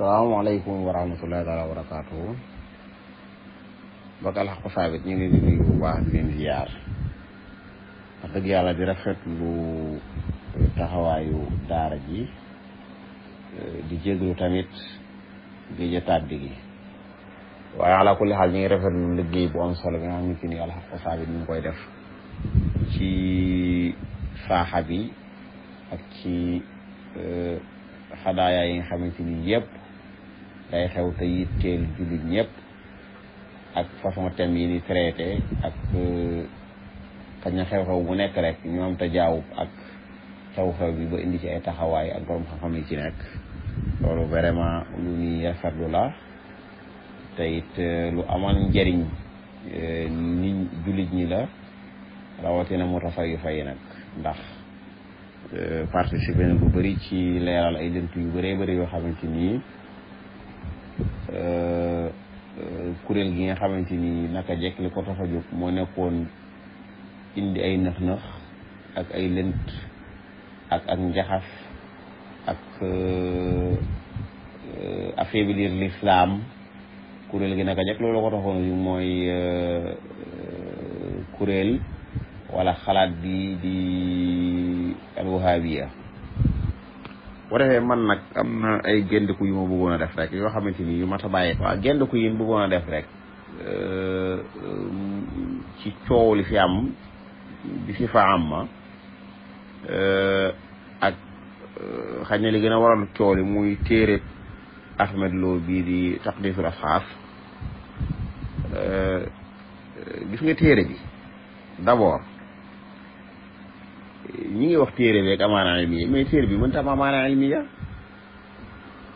asalaamaaleykum wa rahmatullahi taala wa barakaatuhu bakal saabit ñu ngi leen di nuyu bu baax di leen ziar wax yàlla di rafet lu taxawaayu daara ji di jéglu tamit géej tàbbi gi waaye ala xaal ñu ngi rafet lu liggéey bu am solo bi nga xam ni al xaqu saabit ñu ngi koy def ci saaxa bi ak ci eh, xadaaya yi nga xamante ni yëpp day xew te yitteel jullit ñëpp ak façon thème yi di traité ak xëy euh, na xew-xew bu nekk rek ñu am te jaaw ak xew-xew bi ba indi ci ay taxawaay ak borom xam-xam yi ci nekk loolu vraiment lu ñuy rafetlu la te euh, lu amal njëriñ euh, nit jullit ñi la rawatina mu tafa yu fay nag ndax participer na bu bëri ci leeral ay lënt yu bëree bëri yoo xamante ni Euh, euh, kuréel gi nga xamante ni naka jekk li ko tax a jóg moo nekkoon indi ay nëx-nëx ak ay lënt ak ak njaxas ak euh, affaiblir l'islam kuréel gi naka jekk loolu ko taxoon mooy kuréel wala xalaat bi di alwahabiya bu man nag am na ay géndiku yu ma bëggoon def rek yoo xamante ni yu mat a bàyyi ko waaw géndiku yi ma bëggoon def rek euh, ci coow li fi am bi fi fa am ma euh, ak euh, xañ na li gën a waral coow li muy téere Ahmed Lo bii di taqdisul asxaas gis nga téere bi d'abord ñi ngi wax téere bi amaana ilmiya mais téere bi mënut a am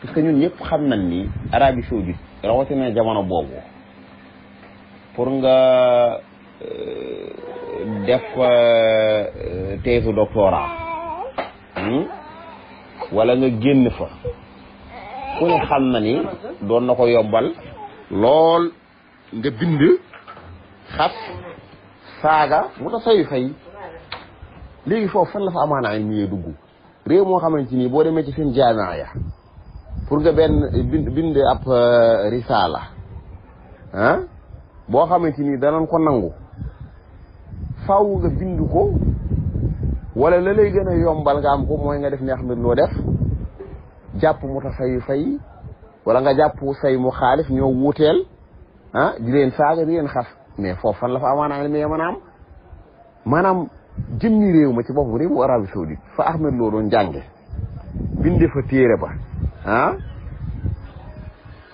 parce que ñun ñëpp xam nañ ni Arabie Saoudite rawatina jamono boobu pour nga euh, def euh, teesu doctorat hmm, wala nga génn fa ku ne xam na ni doon na ko yobbal lool nga bind xas saaga mu ta sayu fay léegi foof fan la fa amaana ay miyee dugg réew moo xamante ni boo demee ci seen jaamia pour nga benn bind bind ab euh, risaala ah boo xamante ni danañ ko nangu faw nga bind ko wala la lay gën a yombal nga am ko mooy nga def neex xam ne loo def jàpp mu ta fay wala nga jàpp say mu xaalif ñoo wuuteel ah di leen saaga di xas mais foofu fan la fa amaana ay miyee mën jëmmi réew ma ci boppam réew mu Arabie Saoudite fa Ahmed Lo doon jànge fa téere ba ah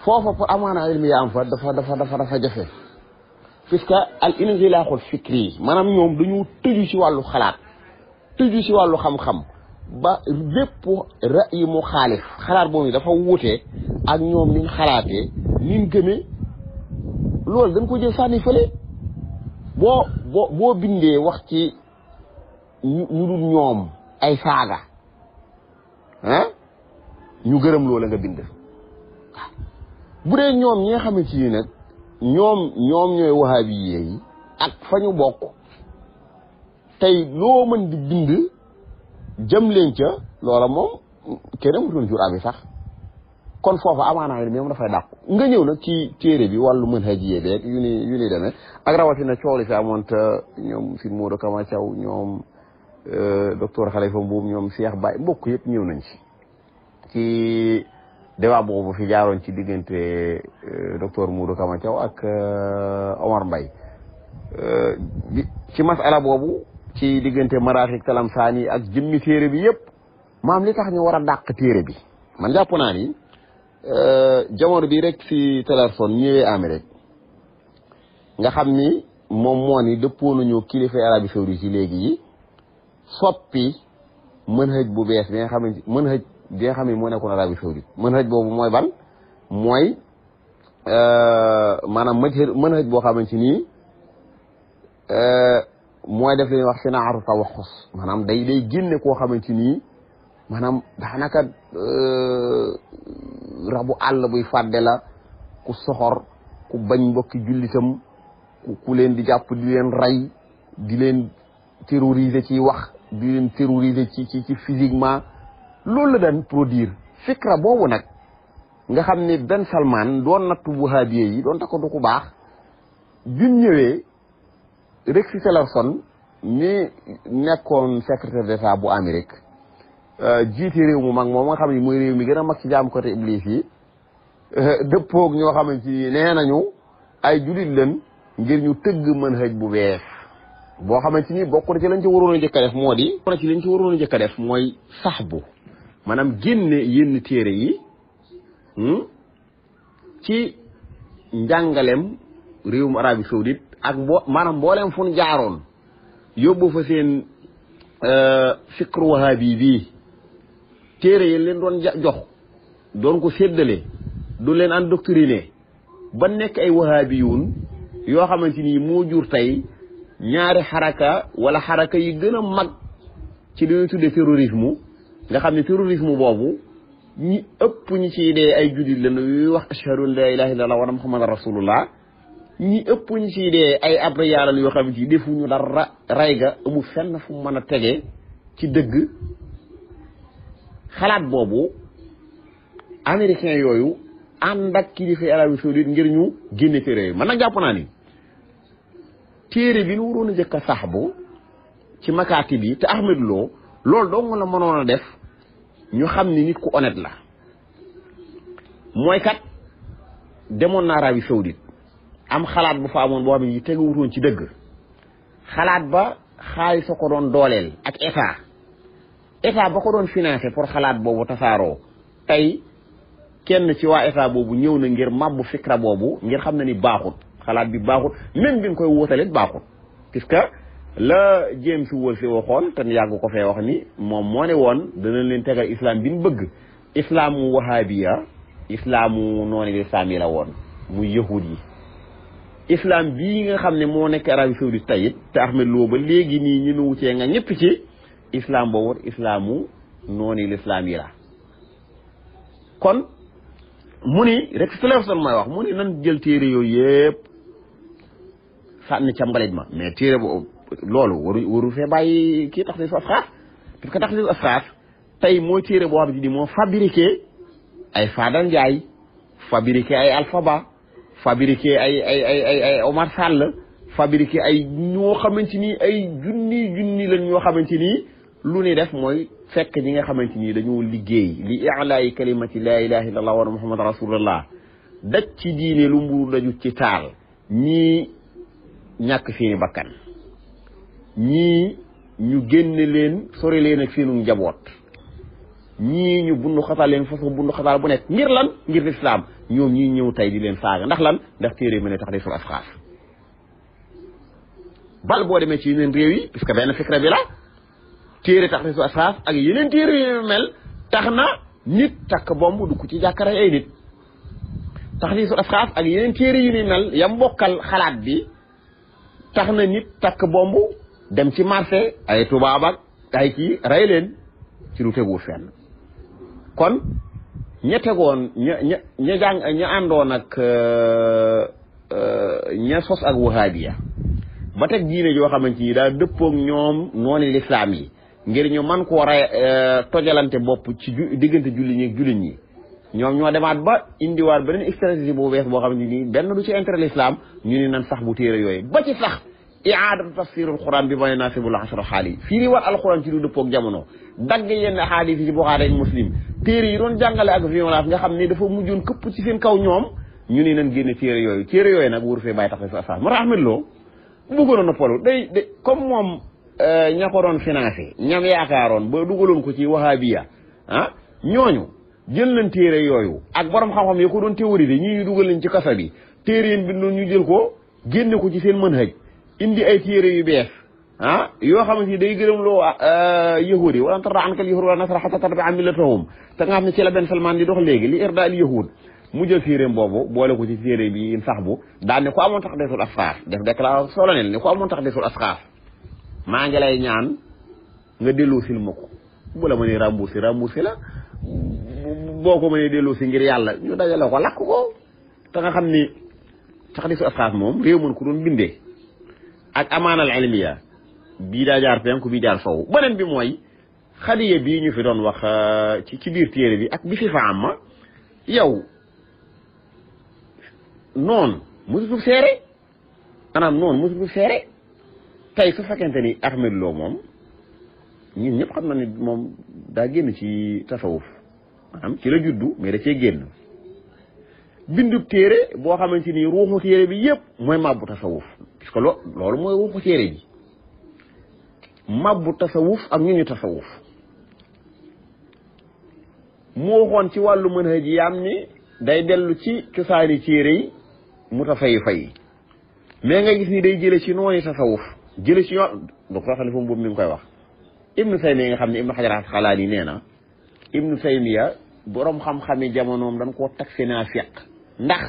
foofa pour amaana ilmi ya fa dafa dafa dafa dafa jafe puisque al inxilaaxul fikri yi maanaam ñoom dañu tëju ci wàllu xalaat tëju ci wàllu xam-xam ba lépp ra'yi mu xaalif xalaat boobu dafa wute ak ñoom niñ xalaatee niñ gëmee loolu dañ ko jël sànni fële boo boo boo bindee wax ci ñu dul ñoom ay saaga ah ñu gërëm loola nga bind waaw bu dee ñoom ñi nga xamante nag ñoom ñoom ñooy wahabi yi ak fa ñu bokk tey loo mën di bind jëm leen ca loola moom kenn amutoon jur abi sax kon foofa amaanaa ni moom dafay dàqu nga ñëw nag ci téere bi wàllu mën hajiyee beeg yu ni yu ni demee ak rawatina fi amoon te ñoom fi Modou Kama Thiaw ñoom Euh, docteur Khalifa Mbuum ñoom seex Baye mbokk yëpp ñëw nañ ci ci débat boobu fi jaaroon ci diggante euh, docteur Moudou Kama Thiaw ak euh, Omar Mbaye ci masala boobu ci diggante maraaxik talam saani ak jëmmi téere bi yëpp maam li tax ñu war a dàq téere bi man jàpp naa ni jamono bi rek ci téléphone ñëwee Amérique nga xam ni moom moo ni dëppoo nañu kilifa Arabie Saoudite yi léegi yi soppi mën hëj bu bees bi nga xam ne mën hëj bi nga xam ne moo nekkoon Arabie Saoudite mën hëj boobu mooy ban mooy euh, maanaam mëj mën hëj boo xamante ni euh, mooy def li ñuy wax sinaaru tawaxus maanaam day day génne koo xamante ni maanaam daanaka euh, rabu àll buy fàdde ku soxor ku bañ mbokki jullitam ku leen di jàpp di leen rey di leen terroriser ci wax di leen terroriser ci physiquement loolu la daan produire fikra boobu nag nga xam ni Ben salmaan doon nattu wahabiye yi doon takko du ku baax bi ñëwee Rex Tillerson mi nekkoon secrétaire d'état bu Amérique euh, jiite réew mu mag moom nga xam ne mooy réew mi gën mag ci jaam côté Iblis yi euh, dëppoog ñoo xamante ni nee nañu ay julit leen ngir ñu tëgg mën hëj bu weex boo xamante ni bokk na ci lañ ci waroon a njëkk a def ci lañ ci waroon a njëkk def mooy sax bu maanaam génne yenn téere yi hmm, ci njàngaleem réewum Arabie Saoudite ak mbo maanaam mbooleem fu ñu jaaroon yóbbu fa seen euh, fikru wahabi bii téere yi leen doon jox doon ko séddale du leen endoctriné ba nekk ay wahabiyuun yoo xamante ni moo jur tey. ñaari xaraka wala xaraka yi gën a mag ci li ñuy tuddee terrorisme nga xam ne terrorisme boobu ñi ëpp ñi ciy dee ay jullit lañu yuy wax ashhadu an la ilaha illallah wa muhammadan rasulullah ñi ëpp ñi ciy dee ay abri yàlla yoo xam ci ñu dara ray ga amul fenn fu mën a tegee ci dëgg xalaat boobu américain yooyu ànd ak kilifa Arabie Saoudite ngir ñu génne téere yi man nag jàpp naa ni téere bi ñu waroon a njëkk a saxbu ci makaati bi te Ahmed Lo loolu dong la mënoon def ñu xam ni nit ku honnête la mooy kat demoon na Arabie Saoudite am xalaat bu fa amoon boo xam ne yi teguwutoon ci dëgg xalaat ba xaalis soo ko doon dooleel ak état état ba ko doon financé pour xalaat boobu tasaaroo tey kenn ci waa état boobu ñëw na ngir màbbu fikra boobu ngir xam na ni baaxut xalaat bi baaxul même bi nga koy wóotalit baaxul puisque la James Woolsey waxoon te yàgg ko fee wax ni moom moo ne woon dana leen tegal islaam bi ñu bëgg islaamu wahabiya islaamu noonu lislaam yi la woon muy yahud yi islaam bii nga xam ne moo nekk Arabie Saoudite tayit te Ahmed Lo ba léegi nii ñu nu wucee nga ñëpp ci islaam boobu islaamu noonu lislaam yi la kon mu ni rek su mooy wax mu ni nan jël téere yooyu yëpp sànni ca mbalit ma mais téere boobu loolu waru kii taxriisul asxaar parce tey mooy téere boo xam ne moo fabriqué ay Fadal Ndiaye fabriqué ay Alpha Ba ay ay ay ay ay Omar Sall ay ñoo xamante ni ay junni junni lañ ni lu ni def mooy fekk ñi nga xamante ni dañoo liggéey li ilaayi kalimati laa ilaha illa allah muhammad rasulullah daj ci diine lu mburu dajut ci taal ñii ñàkk seeni bakkan ñii ñu génne leen sori leen ak seenu njaboot ñii ñu bundu xataal leen façon bundu xataal bu nekk ngir lan ngir lislaam ñoom ñii ñëw tey di leen saaga ndax lan ndax téere mën a tax di sul asxaas bal boo demee ci yeneen réew yi parce que benn fikra bi la téere tax di sul asxaas ak yeneen mel tax na nit takk bomb du ci jàkkara ay nit tax di sul asxaas ak yeneen téere yu ni mel yam bokkal xalaat bi tax na nit takk bomb dem ci marché ay tubaab ak ay kii rey leen ci lu tegu fen kon ña tegoon ña ña ña àndoon ak euh, euh, ña sos ak wahabiya ba teg diine yoo xamante ni daal dëppoog ñoom noonu lislaam yi ngir ñu man koo rey euh, tojalante bopp ci diggante julli ñi ñi ñoom ñoo demaat ba indiwaat beneen stratégie bu bees boo xam ne nii benn du ci intérêt l'islam ñu ni nan sax bu téere yooyu ba ci sax iaadatu tafsirul quran bi may nasibul asra xaali fii ni war alquran ci du dëppoog jamono dagg yenn xaalis yi ci buxaari ak muslim téere yi doon jàngale ak violence nga xam ne dafa mujjoon këpp ci seen kaw ñoom ñu ni nan génne téere yooyu téere yooyu nag wuru fee bàyyi tax fi asas moo tax Ahmed Lo bu bëggoon a noppalu day day comme moom euh, ña ko doon financé ñam yaakaaroon ba duggaloon ko ci wahabiya ah ñooñu jël leen téere yooyu ak borom xam-xam yi ko doon théorisé ñii ñu dugal nañ ci kasa bi téere yéen bi ñu jël ko génne ko ci seen mën hëj indi ay téere yu bees ah yoo xamante ni day gërëm loo ah, euh, yahud yi wala tarda ankal yahud wala nasara xata tatbia millatahum ta nga xam ne ci la benn salman di dox léegi li irda al yahud mu jël téeréem boobu boole ko ci téere bi in sax bu daan ne ko amoon tax desul asxaar def déclaration solennelle ne ko amoon tax desul asxaar maa ngi lay ñaan nga delloo sil ma ko bu la mënee la boo ko mënee delloo si ngir yàlla ñu dajale ko lakk ko te nga xam ni taxdiisu asxaaf moom réew mën ko doon bindee ak amaanal ilmiya bii daa jaar penku bii jaar sow beneen bi mooy xadiya bii ñu fi doon wax euh, ci ci biir téere bi ak bi fi fa am ma yow noonu mosutu seere maanaam noonu mosutu seere tey su fekkente ni Ahmed Lo moom ñun ñëpp xam na ni moom daa génn ci tasawuf maanaam ci la juddu mais da cee génn bindu téere boo xamante ni ruuxu téere bi yëpp mooy màbbu tasawuf puisque loolu mooy ruuxu téere bi màbbu tasawuf ak ñu ñu tasawuf mu waxoon ci wàllu manhaj yi am ni day dellu ci cosaani téere yi mu ta fay fay mais nga gis ni day jële ci noonu tasawuf jële ci ñoo docteur xalifam boobu mi ngi koy wax na ibnu saymi nga xam ne ibnu xajar xalaani nee na ibnu taymiya borom xam-xami jamonoom dañ koo tag fi naa ndax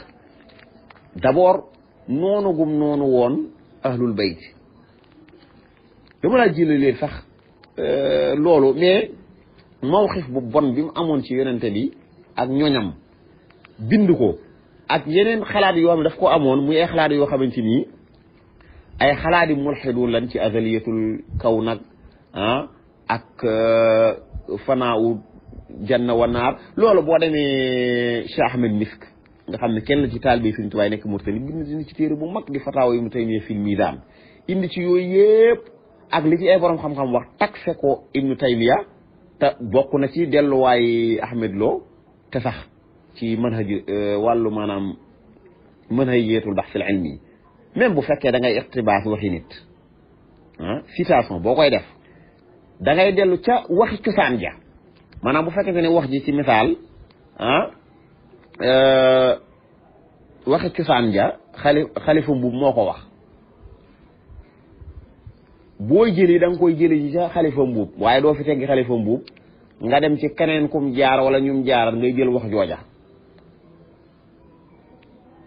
d'abord noonu gum noonu woon ahlul bayt dama laa jëlee leen sax euh, loolu mais mawxif bu bon bi mu amoon ci yonente bi ak ñoñam bind ko ak yeneen xalaat yoo xam ne daf ko amoon muy ay xalaat yoo xamante ni ay xalaati mulxiduun lan ci azaliyatul kaw nag ah ak euh, fanaawu janna wannaar loolu boo demee Cheikh Ahmed Misk nga xamne kenn ci talbi fi ñu way nek murtali bind ci ci téré bu mag di fataawa yi mu fi mi daan indi ci yoy yëpp ak li ci ay borom xam-xam wax tak fe ko ibnu taymiya ta bokku na ci delu way Ahmed Lo te sax ci manhaj wàllu maanaam manhajiyatul bahth al ilmi même bu fekke da ngay iqtibaas waxi nit ah citation bokoy def da ngay delu ca waxi ci ja maanaam bu fekkete ne wax ji ci misaal ah euh, waxi cosaan ja xalifa mbuub moo ko wax boo jëli da koy jëli ji ca xalifa mbuub waaye doo fi teggi xalifa mbuub nga dem ci keneen kum jaar wala ñum jaaral ngay jël wax jooja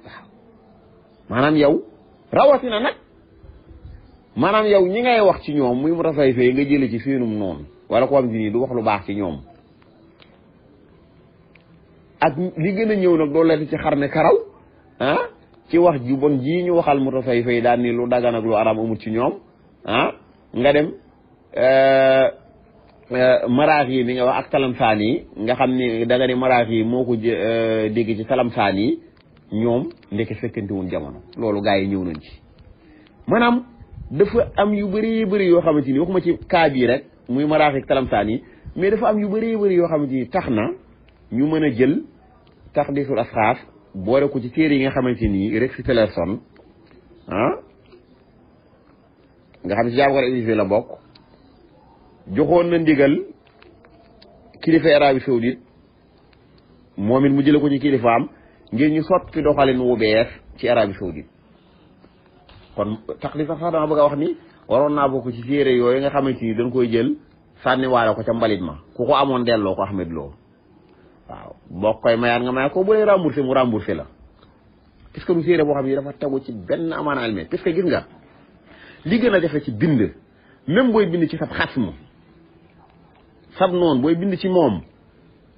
waaw maanaam yow rawatina nag maanaam yow ñi ngay wax ci ñoom muy mu rafay fay nga jëli ci fiinum noonu wala ko ji nii du wax lu baax ci ñoom ak li gën a ñëw nag dooleeti ci xar ne karaw ah ci wax ji bon ji ñu waxal moto fay fay daan ni lu dagan ak lu araam amul ci ñoom ah nga dem euh, euh, maraax yi mi nga wax ak talamsaan yi nga xam ni da nga moo ko euh, dégg ci talamsaan yi ñoom ndeke fekkante woon jamono loolu gaa yi ñëw nañ ci maanaam dafa am yu bëree bëri yoo xamante ni waxuma ci kaa bii rek muy maraax yi ak talamsaan mais dafa am yu bëree bëri yoo xamante ni tax na ñu mën a jël taxdiisul asxaas boole ko ci téere yi nga xamante ni Rex Tillerson ah nga xam si jàngoro égyptien la bokk joxoon na ndigal kilifa Arabie Saoudite moom it mu jële ko ci kilifaam ngir ñu soppi doxalin wu bees ci Arabie Saoudite kon taxdiis asxaas dama bëgg a wax ni waroon naa bokk ci téere yooyu nga xamante ni dañ koy jël sànniwaale ko ca mbalit ma ku ko amoon delloo ko Ahmed Lo waaw boo koy mayaat nga may koo bu lay remboursé mu remboursé la puisque lu téere boo xam ne dafa tagu ci benn amaana alme puisque gis nga li gën a jafe ci bind même booy bind ci sab xasm sab noonu booy bind ci moom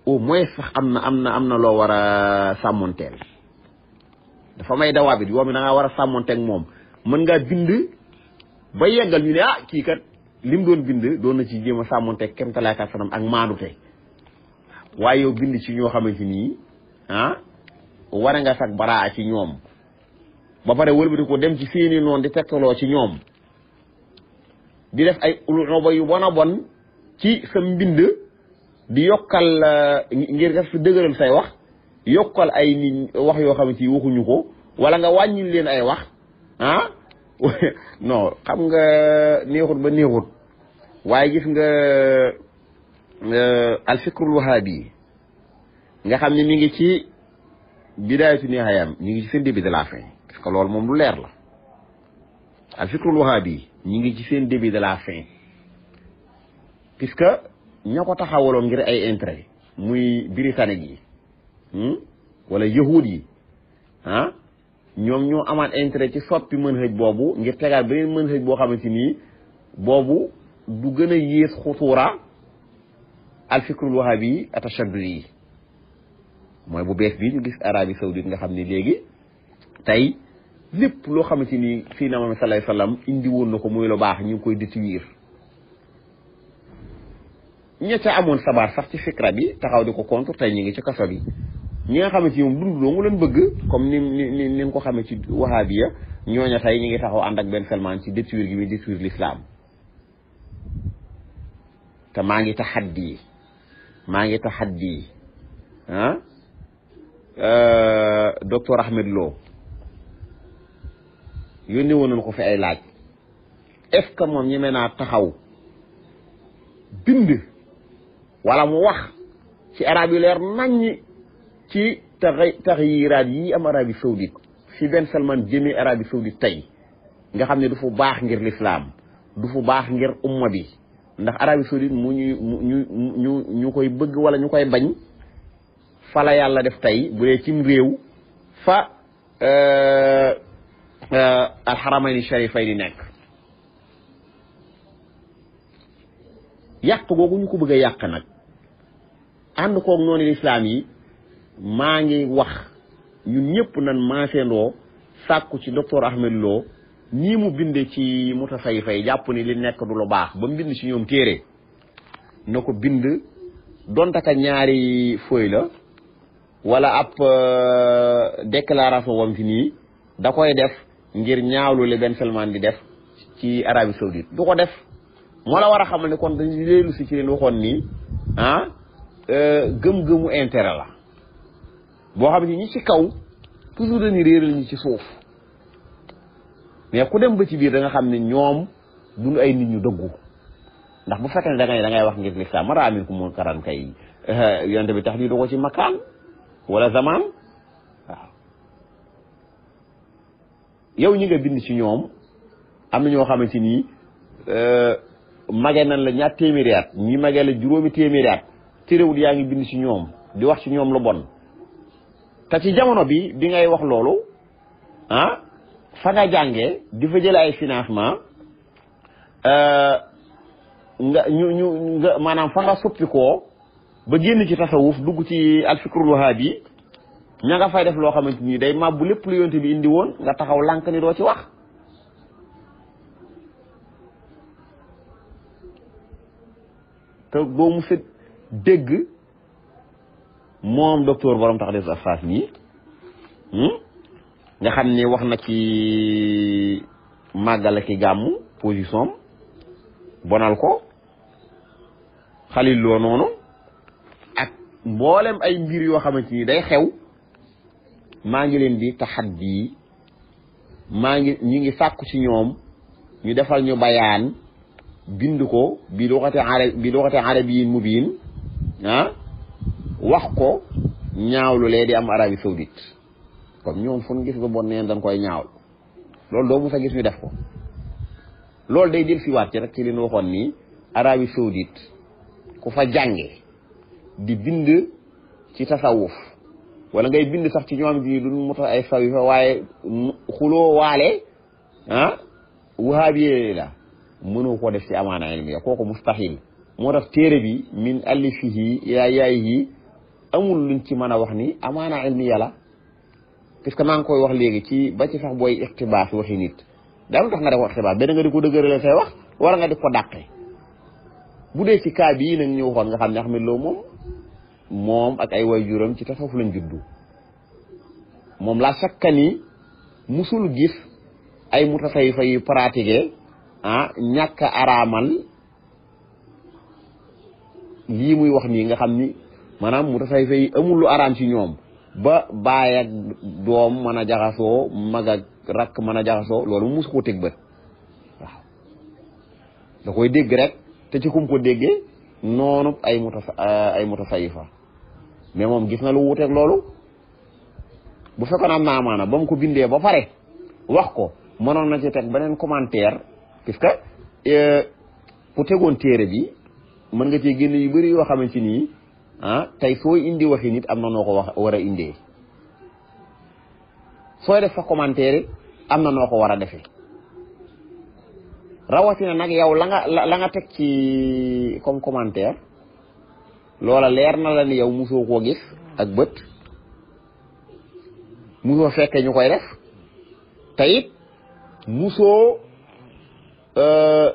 au moins sax am na am na am na loo war a sàmmonteel dafa may dawaa bi yoo mi da war a sàmmonteeg moom mën ngaa bind ba yeggal ñu ne ah kii kat lim doon bind doon na ci jéem a sàmmonteeg kemtalaay kàttanam ak maanute waaye yow bind ci ñoo xamante ni ah war nga sag baraa ci ñoom ba pare wëlbati ko dem ci seeni noonu di tegtaloo ci ñoom di def ay uluba yu bon bon ci sa mbind di yokkal euh, ngir def dëgëral say wax yokkal ay nit wax yoo xamante ni waxuñu ko wala nga wàññil leen ay wax ah non xam nga neexut ba neexut waaye gis nga al euh, alfikrul wahabi nga xam ne mi ngi ci bidaayatu nihaayam ñu ngi ci seen début de la fin parce que loolu moom lu leer la alfikrul wahabi ñu ngi ci seen début de la fin que ñoo ko taxawaloon ngir ay intérêt muy britannique yi hmm? wala yahuud yi ah ñoom ñoo amaat intérêt ci soppi manhaj boobu ngir tegaat beneen manhaj boo xamante ni boobu du gën a yées xutuura alfikrul wahabi yi atashaddu yi mooy bu bees bi ñu gis Arabie Saoudite nga xam ni léegi tey lépp loo xamante ni fii na sa sallallahu alayhi wasallam indi woon na ko muy lu baax ñu ngi koy détruire ña ca amoon sabaar sax ci fikra bi taxaw di ko contre tey ñu ngi ci kaso bi ñi nga xamante ni moom dund doo nga leen bëgg comme ni ni ni nga ko xamee ci wahabiya ñooña tey ñu ngi taxaw ànd ak benn Salman ci détruire gi muy détruire l'islam te maa ngi taxaddi maa ngi taxaddi ah eh, docteur Ahmed loo yónni woon nañu ko fi ay laaj est-ce que moom ñeme naa taxaw bind wala mu wax ci arab yu leer naññi ci taxyiraat yi am Arabie Saoudite fi Ben Salman jëmee Arabie Saoudite tey nga xam ne du fu baax ngir lislaam du fu baax ngir umma bi ndax Arabie Saoudite mu ñuy mu ñu ñu ñu koy bëgg wala ñu koy bañ fa la yàlla def tey bu dee cim réew fa euh, euh, alxaramayni sharifayni nekk yàq googu ñu ko bëgg yàq nag ànd koog noonu lislaam yi maa ngi wax ñun ñëpp nan maasendoo sàkku ci docteur Ahmed Lo ñii mu binde ci mutasayifa yi jàpp ni li nekk du lu baax ba mu bind ci ñoom téere na ko bind donte ñaari fooy la wala ab euh, déclaration wam fi nii da koy def ngir ñaawlu li Ben Salman di def ci Arabie Saoudite du ko def moo la war a xamal ne kon dañu leelu si ci leen waxoon nii ah euh, gëm-gëmu intérêt la boo xam ne ñi ci suuf mais ku dem ba ci biir danga xam ne ñoom duñu ay nit ñu dëggu ndax bu fekkee ne da ngay da ngay wax ngir lislaam maraamin ku mun karan kay yonte bi tax lii du ko ci makaan wala zaman waaw yow ñi nga bind ci ñoom am na ñoo xamante ni euh, mage nan la ñaar téeméeri at ñi mage la juróomi téeméeri at yaa ngi bind ci ñoom di wax ci ñoom lu bon te ci jamono bi bi ngay wax loolu ah, fa jànge di fa jël ay financement euh, nga ñu ñu nga maanaam fa nga soppikoo ba génn ci tasawuf dugg ci alfikrul wahab yi ña nga fay def loo xamante ni day màbbu lépp lu yonte bi indi woon nga taxaw lànk ni doo ci wax te boo mu fit dégg moom docteur borom tax des affaires nii hmm? nga xam ni wax na ci màggal ki gàmmu position bonal ko xalil loo noonu ak mboolem ay mbir yoo xamante ni day xew maa ngi leen di taxaddi maa ngi ñu ngi sàkku ci ñoom ñu defal ñu bayaan bind ko bi luxati arab bi luxati mu mubiin ah, wax ko ñaawlu lee di am Arabie Saoudite kon ñoom fu ñu gis lu bon neen dañ koy ñaawal loolu doo mu sa gis ñu def ko loolu day del siwaat ci rek ci li ñu waxoon nii Arabie Saoudite ku fa jànge di bind ci tasawuf wala ngay bind sax ci ñoom ji duñ mu tax ay saw fa waaye xuloo waale ah wahabiye la mënu ko def ci amaana ilmiya kooku mustahil moo tax téere bi min alifihi yaa yaay yi amul luñ ci mën a wax ni amaana ilmiya la puisque maa ngi koy wax léegi ci ba ci sax booy ixtibaas waxi nit daal tax nga def ko ixtibaas benn nga di ko dëgërale say wax wala nga di ko dàqee bu dee ci cas bii nag ñu waxoon nga xam ne Lo moom moom ak ay ci lañ moom laa musul gis ay mutasayifa yu pratiquer ah ñàkk araamal lii muy wax nii nga xam ni maanaam mutasayifa yi amul lu araam ci ñoom ba baay ak doom mën a jaxasoo mag rakk mën a jaxasoo loolu mu mus koo teg bët waaw koy dégg rek te ci kum ko déggee noonu ay muta ay mutasayifa mais moom gis na lu wuteeg loolu bu fekkoon am na amaana ba mu ko bindee ba pare wax ko mënoon na ci teg beneen commentaire puisque euh, ku tegoon téere bi mën nga cee génne yu bëri yoo xamante nii ah tey foo indi waxi nit am na noo ko wax war a indee sooy def sa commentaire am na noo ko war a defee rawatina nag yow la langa teg ci comme commentaire loola leer na la ni musoo koo gis ak bët musoo fekkee ñu koy def te musoo euh,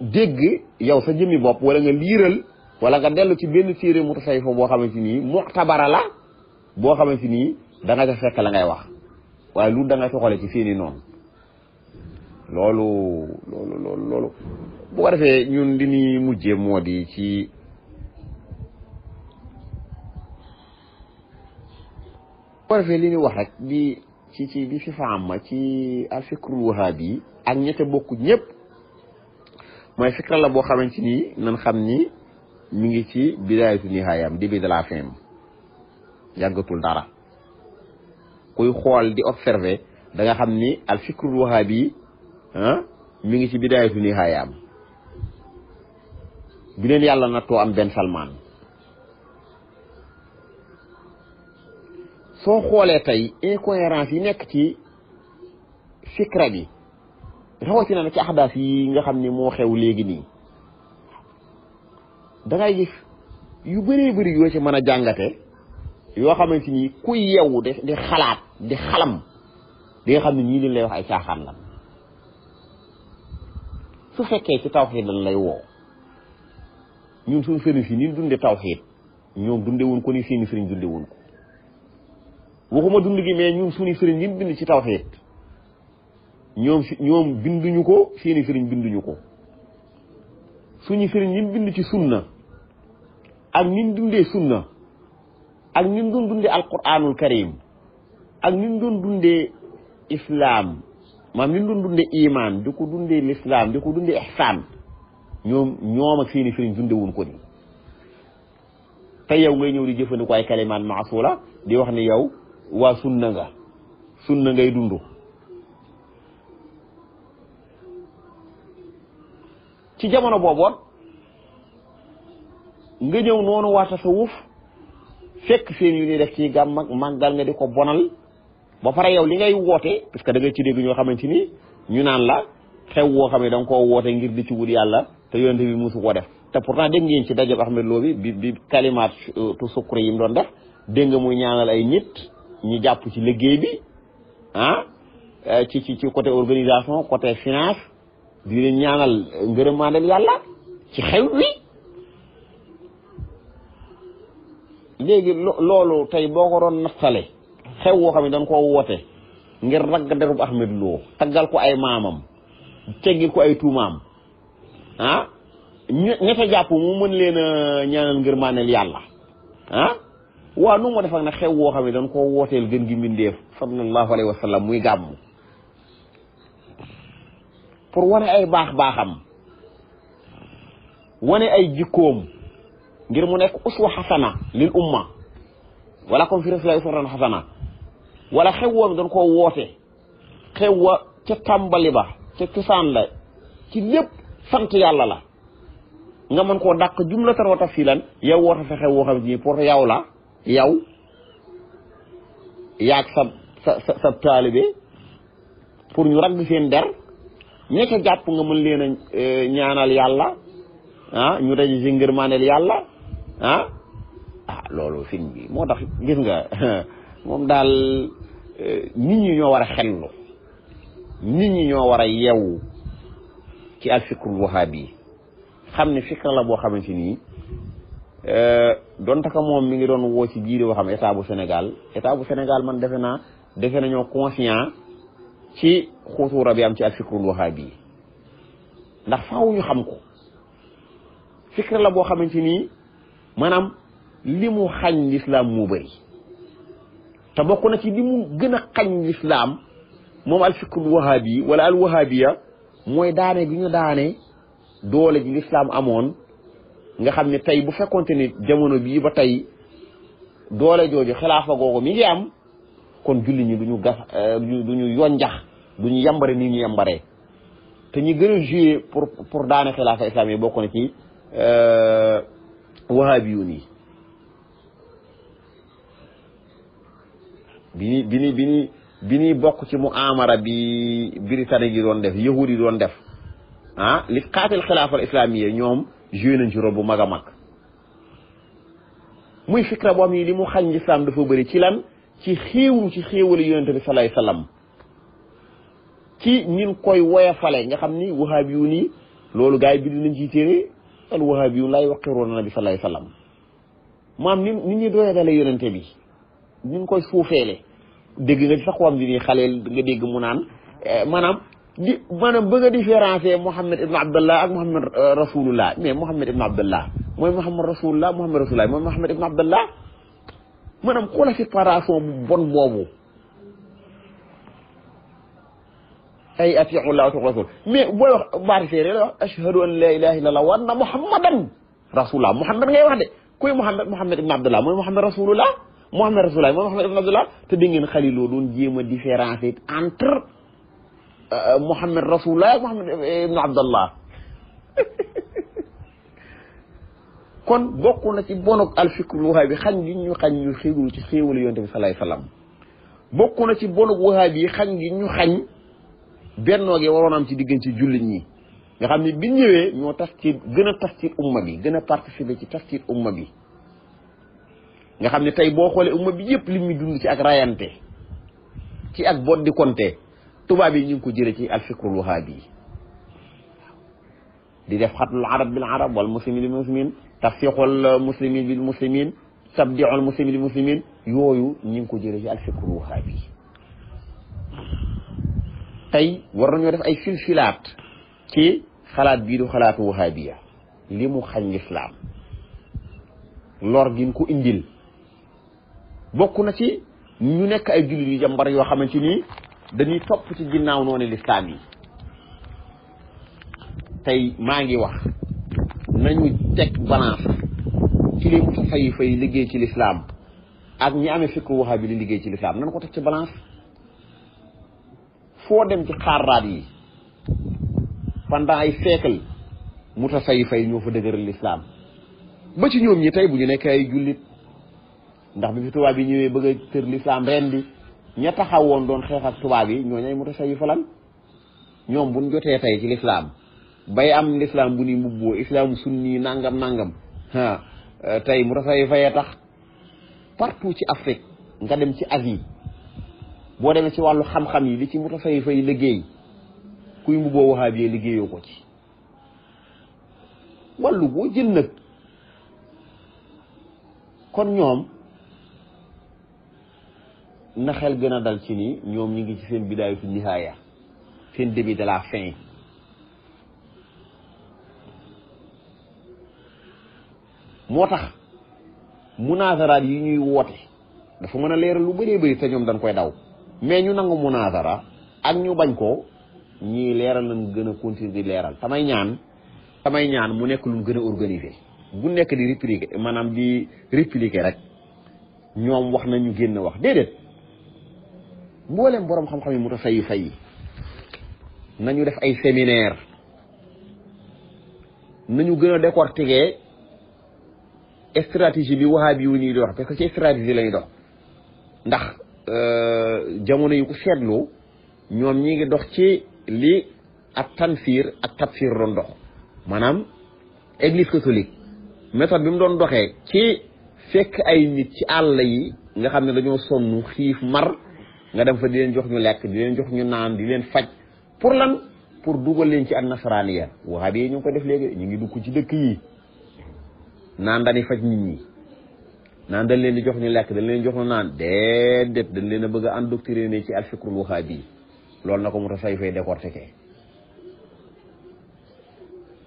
dégg yow sa jëmmi bopp wala nga liiral wala nga dellu ci benn téere mu tasay fa boo xamante ni tabara la boo xamante ni da nga ca fekk la ngay wax waaye lu da nga ci xoolee noon loolu loolu loolu loolu bu ko ñun li ñuy mujjee moo di ci bu ko li ñuy wax rek bi ci ci di fi faama ci alfikrul wahabi ak ñette bokku ñëpp mooy fikra la boo xamante ni nan xam ni mi ngi ci bidaayatu nihaayam début de la fin yàggatul dara kuy xool di observer danga xam ni al fikrul wahabi ah, mi ngi ci bidaayatu nihaayam bi leen yàlla nattoo am benn salmaan soo xoolee tey incohérence yi nekk ci fikra bi rawatina na ci axdaas yi nga xam ni moo xew léegi nii da ngay gis yu bëree bëri yoo ci mën a jàngate yoo xamante ni ku yeewu de di xalaat di xalam di xam ne ñii dañ lay wax ay caaxaan la su fekkee si ci tawxiid lañ lay woo ñun suñu sëriñ si ni dunde tawxiid ñoom dunde woon ko ni seeni sëriñ dunde woon ko waxuma dund gi mais ñun suñu sëriñ ñi bind ci tawxiid ñoom si ñoom binduñu ko seeni sëriñ binduñu ko suñu sëriñ yi mu bind ci sunna ak ni mu dundee sunna ak ni mu doon dundee alquranul karim ak ni doon dundee islaam maanaam ni doon dundee iman di ko dundee lislaam di ko dundee ihsaan ñoom ñoom ak seeni sëriñ dundewuñ ko ni te yow ngay ñëw di jëfandikoo ay kalimaan maasula di wax ni yow waa sunna nga sunna ngay dund ci jamono booboon nga ñëw noonu waa tasawuf fekk seen yu ñuy def ci gàmm ak màggal nga di ko bonal ba pare yow li ngay woote parce que da ngay ci dégg ñoo xamante ni ñu naan la xew woo xam ne da nga koo woote ngir di ci wut yàlla te yonent bi musu ko def te pourtant dégg ngeen ci dajab Ahmed Lo bi bi bi kalimaat euh, tu sukri yi mu doon def dégg nga muy ñaanal ay nit ñu jàpp ci liggéey bi ah euh, ci ci ci côté organisation côté finance di leen ñaanal ngërëmaandal yàlla ci xew léegi loolu tey boo ko doon naftale xew woo xam ne dañ koo woote ngir ragg derub Ahmed Lo taggal ko ay maamam teggil ko ay tuumaam ah a jàpp mu mën leen a ñaanal ngërëmaandal yàlla ah waaw nu ma def ak na xew woo xam ne dañ koo wooteel gën gi mbindeef sallallahu alayhi wa sallam muy gàmmu pour wane ay baax-baaxam wane ay jikkoom ngir mu nekk uswa xasana lil umma wala comme fi rasulillah uswatan xasana wala xew woon dañ koo woote xew wa ca tàmbali ba ca cosaan la ci lépp sant yàlla la nga mën koo dàq jumlatan wa tafsilan yow woote fa xew woo xam ni pour yaw la yow yaag sa sa taalibe pour ñu ragg seen der ña ca jàpp nga mën leen a eh, ñaanal yàlla ah ñu daje si ngërmaaneel yàlla ah, ah loolu film moo tax gis nga moom daal eh, nit ñi ñoo war a xellu nit ñi ñoo war a yeewu ci al fikrul yi xam ne fikra la boo xamante ni eh, donte ko moom mi ngi doon woo ci biir boo xam état bu Sénégal état bu Sénégal man defe naa defe nañoo conscient ci xutuura bi am ci al fikrul wahabi yi ndax faw ñu xam ko fikr la boo xamante nii maanaam li mu xañ lislaam mu bëri te bokk na ci li mu gën a xañ lislaam moom al fikrul wahabi yi wala al wahabiya mooy daane bi ñu daane doole ji lislaam amoon nga xam ni tey bu fekkonte ni jamono bii ba tey doole jooju xilaafa googu mi ngi am kon julli ñi euh, du ñu gas du ñu yonjax du ñu yambare ni ñu yambaree te ñi gën a joué pour pour daane xilaafa islam yi bokk na ci euh, wahabiyun yi bi bi ni bi bokk ci mu amara bi britannique yi doon def yahud yi doon def ah li xaatil xilaafal islamiyé ñoom joué nañ ci bu mag a mag muy fikra boo xam li mu xañ lislaam dafa bëri ci lan ci xewlu ci xewul yoonte bi sallallahu alayhi wasallam ci ñin koy woyafale nga xam ni lolu gaay bi dinañ ci téré al wahaab yu laay waqiroon nabi salaay salaam maam ni ni doye doyadale yoonte bi ñin koy suufeele dégg nga sax waam di ni xaleel nga dégg mu naan manam di maanaam bëgg a muhammad Ibn abdullah ak muhammad Rasulullah mais muhammad Ibn abdullah moy muhammad Rasulullah muhammad Rasulullah moy muhammad Ibn abdullah manam ko la séparation bu bon bobu ay atiu llah tu rasul mais bo wax baati séeréer la wax ashhadu an la ilaha illa allah wa anna muhammadan rasulullah muhammad ngay wax de kuy muhammad muhammad ibn abdullah moy muhammad rasulullah muhammad rasulullah moy muhammad ibn abdullah te de ngeen xaliloo doon jema a entre muhammad rasulullah muhammad ibn abdullah kon bokku na ci bonok al fikru wahabi xagn gi ñu xagn ñu xewul ci xéewlu yonte bi alayhi wasallam bokku na ci bonok wahabi yi xagn gi ñu xagn benno gi waron am ci ci jullit ñi nga xamni bi ñewé ño tax ci gëna tax ci umma bi gëna participer ci tax ci umma bi nga xamni tay bo xolé umma bi yépp lim dund ci ak rayanté ci ak di konte tubaab bi ñu ko jëlee ci alfikrul wahabi yi di def khatul arab bil arab wal muslimin bil muslimin tafsiqul muslimin bil muslimin tabdiul muslimin bil muslimin yooyu ñu ngi ko jëlee ci alfikru wuxaabi tey war nañoo def ay filfilaat ci xalaat bii du xalaatu wuxaabiya li mu xañ lislaam lor gi ko indil bokk na ci ñu nekk ay jullit yu jàmbar yoo xamante ni dañuy topp ci ginnaaw noonu lislaam yi tey maa ngi wax nañu teg balance ci li musa fay fay liggéey ci lislaam ak ñi amee fikku waxa bi li liggéey ci lislaam nan ko teg ci balance foo dem ci xaaraat yi pendant ay siècle muta fay fay ñoo fa dëgëral lislaam ba ci ñoom ñi tey bu ñu nekk ay jullit ndax bi fi tubaab yi ñëwee bëgg a tër lislaam ren bi doon xeex ak yi ñoo ñay muta ñoom buñ jotee tey ci lislaam bay am lislaam bu ni mbubboo islaam sunni nangam nangam ah tey mu tafay fayee tax partout ci Afrique nga dem ci Asie boo demee ci wàllu xam-xam yi li ci mu tafay fay liggéey kuy mbubboo wahaabiyee liggéeyoo ko ci wàllu boo jël nag kon ñoom na xel gën a dal ci ni ñoom ñi ngi ci seen bidaayatu nihaaya seen début de fin moo tax munazaraat yi ñuy woote dafa mën a leeral lu bëree bëri te ñoom dañ koy daw mais ñu nangu munazara ak ñu bañ ko ñii leeral nañ gën a continuer di leeral tamay ñaan tamay ñaan mu nekk lu gën a organisé bu nekk di répliquer maanaam di répliquer rek ñoom wax nañu génn wax déedéet mbooleem boroom xam-xam yi mu ta fayi fayi nañu def ay séminaire nañu gën a décortiquer stratégie bi wahabi yu ñuy wax parce que ci stratégie lay dox ndax euh, jamono yu ko seetloo ñoom ñi ngi dox ci li ak tanfiir ak tabfiir doon dox maanaam église catholique méthode bi mu doon doxee ci fekk ay nit ci àll yi nga xam ne dañoo sonn xiif mar nga dem fa di leen jox ñu lekk di leen jox ñu naan di leen faj pour lan pour dugal leen ci an nasaraaniya wahabi yi ñu ngi ko def léegi ñu ngi dugg ci dëkk yi naan dañuy faj nit ñi naan dañ leen di jox ñu lekk dañ leen jox ñu naan déedéet dañ leen a bëgg a endoctriner ci alfikrul wahabi loolu na ko mu ta say fay décortiquer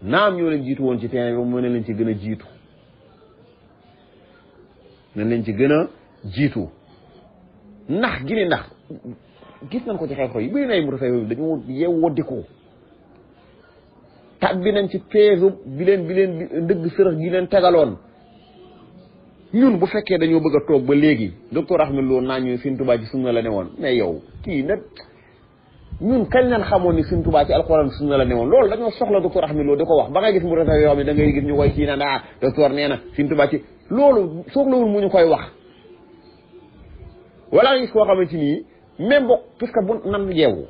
naam ñoo leen jiitu woon ci terrain bi mu ne leen ci gën a jiitu ne leen ci gën a jiitu ndax gi ni ndax gis nañ ko ci xew xew yi bëri nay mu ta say dañoo yew woddiku tàbbi nañ ci peesu bi leen bi leen dëgg sërëx gi leen tegaloon ñun bu fekkee dañoo bëgg toog ba léegi docteur Ahmed Lo naa ñu Sëñ Tuubaa ci sunna la ne woon may yow kii nag ñun kañ naan xamoon ni Sëñ Tuubaa ci alxuraan sunna la ne woon loolu dañoo soxla docteur Ahmed Lo di ko wax ba nga gis mu rafet yoo xam ne da ngay gis ñu koy kii naan ah docteur nee na Sëñ Tuubaa ci loolu soxlawul mu ñu koy wax wala gis koo xamante nii même bokk parce que bu nan yeewu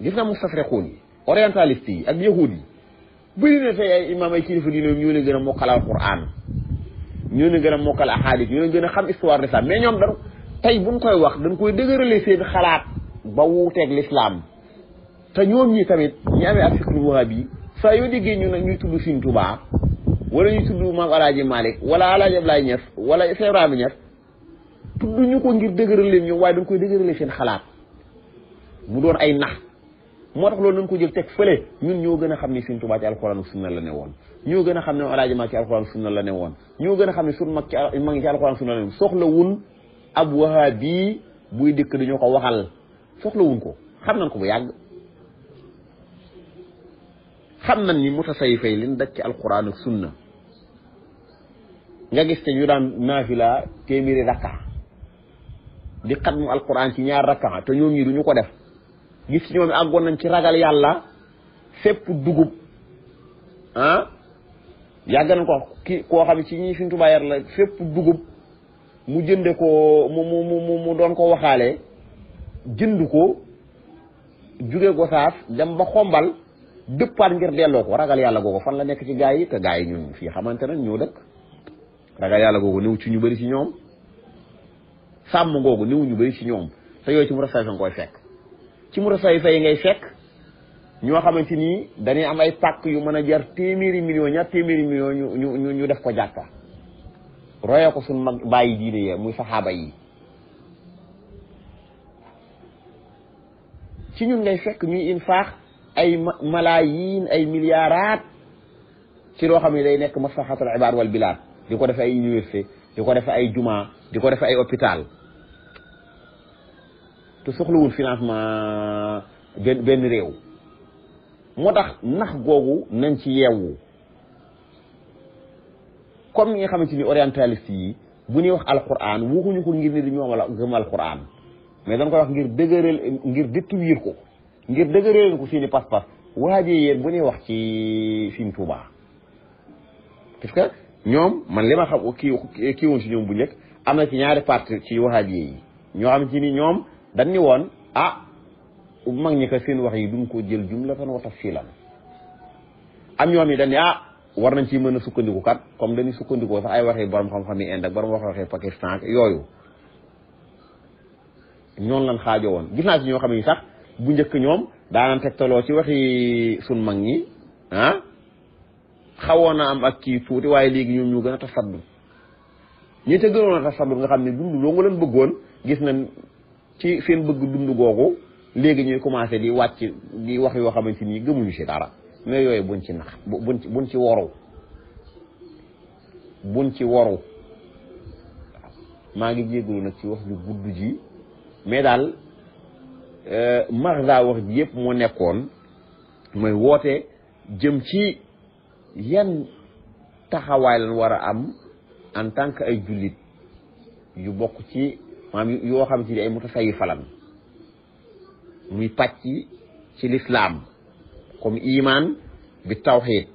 gis na mu safre xoon yi orientaliste yi ak yahud yi bëri na tey ay imaam ay kilifa diine ñoo leen gën a mokkal alquran ñoo leen gën a mokkal ahadis ñoo leen gën a xam histoire l'islam mais ñoom dañu tey buñ koy wax dañ koy dëgërale seen xalaat ba wuuteeg l'islam te ñoom ñi tamit ñi amee ak fikru wahab yi saa yoo déggee ñu nag ñuy tudd Sëriñ Tuubaa wala ñuy tudd maam alaaji Malick wala alaaji Ablaye Niass wala Cheikh Ibrahima Niass tudd ñu ko ngir dëgërale ñoom waaye dañ koy dëgërale seen xalaat mu doon ay nax motax lolou loolu ko jël tek fële ñun ñoo gëna xamni xam ne ci alcorane sunna la ne ñoo gëna xamni xam ma ci alcorane sunna la ne ñoo gëna xamni sun mag ci mag ci alcorane sunna la ne soxla wuñ ab wahabi buy dëkk dañu ko waxal soxla wuñ ko xam nañ ko bu yagg xam nañ ni mutasayfay liñ dacc ci alcorane sunna nga gis te ñu daan nafila téeméeri rakka di xatmu alquran ci ñaar rakka te ñoom ñi duñu ko def gis ci ñoom àggoon nañ ci ragal yàlla fépp dugub ah yàgg ko ki koo xam ne ci ñi Sëriñ Tuubaa yar la fépp dugub mu jënde ko mu mu mu doon ko waxaale jënd ko jóge Gosaas dem ba xombal dëppaat ngir delloo ko ragal yàlla googu fan la nekk ci gaa yi te gaa yi ñun fii xamante nañ ñoo dëkk ragal yàlla googu néew ci ñu bari ci ñoom sàmm googu néew ñu bëri ci ñoom te yooyu ci mu rafet nga koy fekk ci mu rasay fay ngay fekk ño xamanteni dañuy am ay pak yu mën jar téeméeri million ñaar téeméeri million ñu ñu ñu def ko jàkka royé ko sun mag bàyyi diine ya muy sahaba yi ci ñun ngay fekk ñuy infaq ay malayin ay milliards ci ro xamni day nek maslahatul ibad wal bilad di def ay université di def ay juma di def ay hôpital te soxlawul financement benn benn réew moo tax nax googu nañ ci yeewu comme ni nga xamante ni orientaliste yi bu ñuy wax alquran waxuñu ko ngir ne di ñoom la gëm alquran mais dañ ko wax ngir dëgëral ngir détruire ko ngir dëgëral ko seen i pas-pas waajee yéen bu ñuy wax ci Sëriñ Tuubaa parce que ñoom man li ma xam kii kii woon si ñoom bu njëkk am na ci ñaari parti ci waajee yi ñoo xam ci ni ñoom dañ ni woon ah mag ñi ko seen wax yi duñ ko jël jumlatan wa tafsilan am ñoom yi dañ ah war nañ ci mën a sukkandiku kat comme dañuy sukkandiku sax ay waxee borom xam-xam yi Inde ak borom wax waxee Pakistan ak yooyu ñoon lan xaajo woon gis naa ci ñoo xam ne sax bu njëkk ñoom daanan tegtaloo ci waxi sun mag ñi ah xawoon am ak kii tuuti waaye léegi ñoom ñu gën a tasaddu ñi te gënoon a tasaddu nga xam ne dund loo nga leen bëggoon gis na ci seen bëgg dund googu léegi ñuy commencé di ci di wax yoo xamante ni gëmuñu si dara mais yooyu buñ ci nax buñ ci buñ ci woru buñ ci woru maa ngi jégalu nag ci wax ju gudd ji mais daal euh, marda wax ji yëpp moo nekkoon mooy woote jëm ci yan taxawaay lañ war a am en tant que ay jullit yu bokk ci maanaam yoo xam ci ne ay mutasawi falan muy pàcc ci lislaam comme iman bi tawxid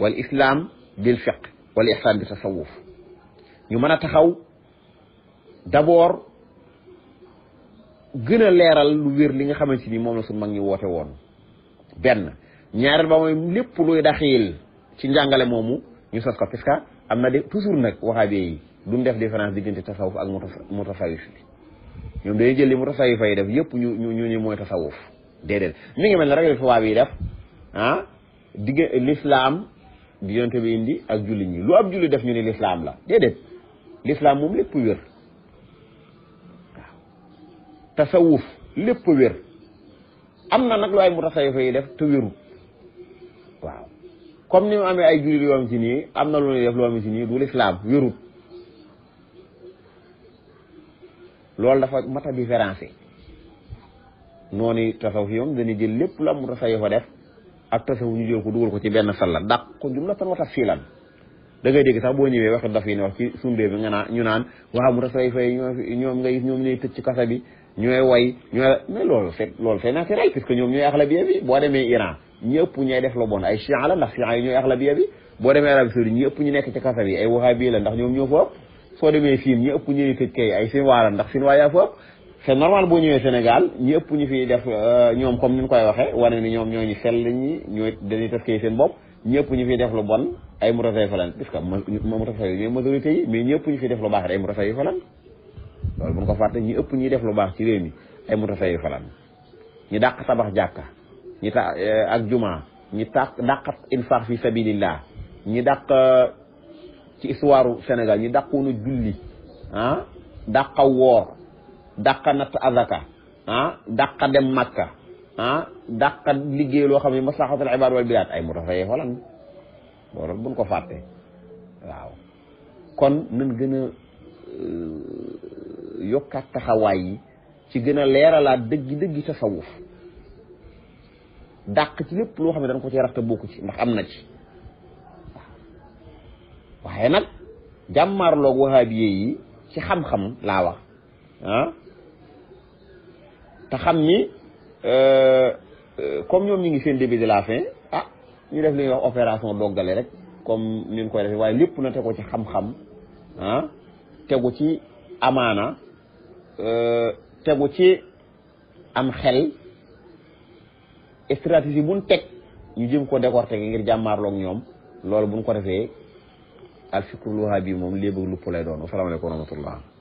wal islaam bil fiq wal ihsan bi tasawuf ñu mën a taxaw d'abord gën a leeral lu wér li nga xamante ni moom la suñu mag ñi woote woon benn ñaareel ba mooy lépp luy daxiil ci njàngale moomu ñu sos ko parce que am na de toujours nag waxaabee yi duñ def différence diggante tasawuf ak mutafawif bi ñoom dañuy jël li mutasawifa yi def yëpp ñu ñu ñu ñu mooy tasawuf déedéet mi ngi mel ne rek li tubaab yi def ah digg lislaam di bi indi ak julli ñi lu ab julli def ñu ne lislaam la déedéet lislaam moom lépp wér waaw lépp wér am na nag lu ay mutasawifa yi def te wérut waaw comme ni mu amee ay julli yoo am ci nii am na lu ñuy def loo am ci nii du lislaam wérut loolu dafa mat a différencier noonu tasawuf yi da dañuy jël lépp lu am tasawuf fa def ak tasawuf ñu jël ko dugal ko ci benn salla dàq ko jumlatan wa tafsilan da ngay dégg sax boo ñëwee waxi daf yi ne wax ci sumbee bi nga naan ñu naan waaw mu tasawuf fay ñoom ngay ñoom ñooy tëj ci kasa bi ñooy way ñooy mais loolu c'est loolu c'est naturel puisque ñoom ñooy axlabiya bi boo demee Iran ñëpp ñooy def la bon ay chian la ndax chian yi ñooy axlabiya bi boo demee Arabie ñu nekk ci kasa bi ay wahabi la ndax ñoom ñoo fa soo demee fii ñi ëpp ñu ni boo ñëwee Sénégal ñi ëpp ñu fi def euh, ñoom comme ni ñu koy waxee wane ni ñoom ñoo ñu sell ñi ñooy dañuy tas kay seen bopp ñi ëpp ñu def lu bon ay motafa yu falan puisque motafa yi ñooy majorité yi mais ñi ëpp ñu fi def lu baax ay motafa yu falan loolu bu ko fàtte ñi ëpp ñuy def lu baax ci réew mi ay motafa yu falan ñi dàq tabax jàkka ñi ta euh, ak juma ñi ta dàq infaq fi sabilillah ñi dàq euh, ci histoire Sénégal ñi dàqoon a julli ah dàqa woor dàqa natt azaka ah dàqa dem Makka ah, dàqa liggéey loo xam ne ma ibaad wal ay moto fayee xolan loolu buñ ko fàtte waaw kon nan gën a euh, yokkaat taxawaay yi ci gën a leeralaat dëggi dëggi tasawuf dàq ci lépp loo xam ne dañ ko ci raxta bokk ci ndax am na ci waaye nag jàmmaarloog wahaabiye yi ci xam-xam laa wax ah te xam ni euh, euh, comme ñoom ñu ngi seen début de la fin ah ñu def li ñuy opération doggale rek comme ni ñu waaye lépp na tegu ci xam-xam ah tegu ci amaana euh, tegu ci am xel stratégie buñ teg ñu jëm ko décorté ngir jàmmaarloog ñoom loolu buñ ko defee alfikul wahabi moom léebag lupp lay doon asalaamaaleykum wa rahmatullah